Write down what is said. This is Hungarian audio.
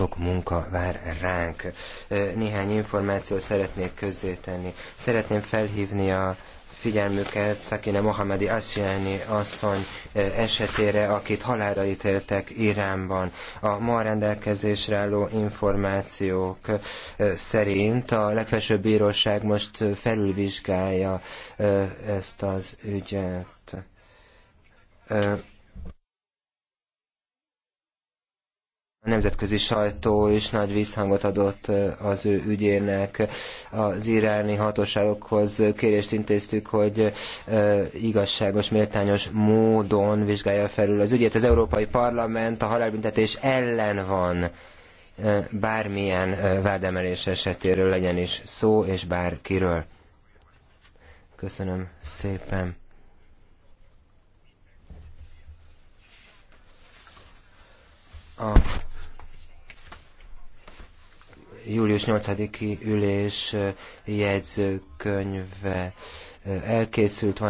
sok munka vár ránk. Néhány információt szeretnék közzétenni. Szeretném felhívni a figyelmüket Szakine Mohamedi Asiani asszony esetére, akit halára ítéltek Iránban. A ma rendelkezésre álló információk szerint a legfelsőbb bíróság most felülvizsgálja ezt az ügyet A nemzetközi sajtó is nagy visszhangot adott az ő ügyének. Az iráni hatóságokhoz kérést intéztük, hogy igazságos, méltányos módon vizsgálja felül az ügyet. Az Európai Parlament a halálbüntetés ellen van bármilyen vádemelés esetéről legyen is szó, és bárkiről. Köszönöm szépen. A július 8-i ülés jegyzőkönyve elkészült, van